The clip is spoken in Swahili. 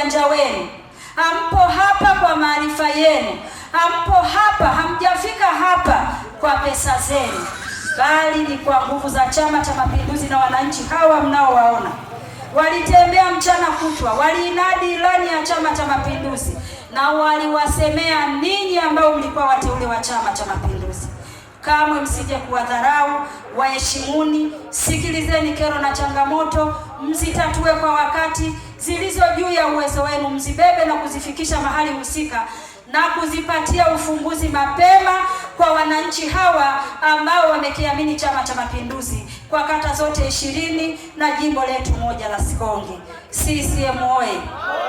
ujanja wenu, hampo hapa kwa maarifa yenu, hampo hapa, hamjafika hapa kwa pesa zenu, bali ni kwa nguvu za Chama cha Mapinduzi na wananchi hawa mnaowaona walitembea mchana kutwa, waliinadi ilani ya Chama cha Mapinduzi na waliwasemea ninyi ambao mlikuwa wateule wa Chama cha Mapinduzi. Kamwe msije kuwadharau, waheshimuni, sikilizeni kero na changamoto, mzitatue kwa wakati, zilizo juu ya uwezo wenu mzibebe na kuzifikisha mahali husika na kuzipatia ufumbuzi mapema kwa wananchi hawa ambao wamekiamini Chama cha Mapinduzi kwa kata zote ishirini na jimbo letu moja la Sikonge. CCM oye!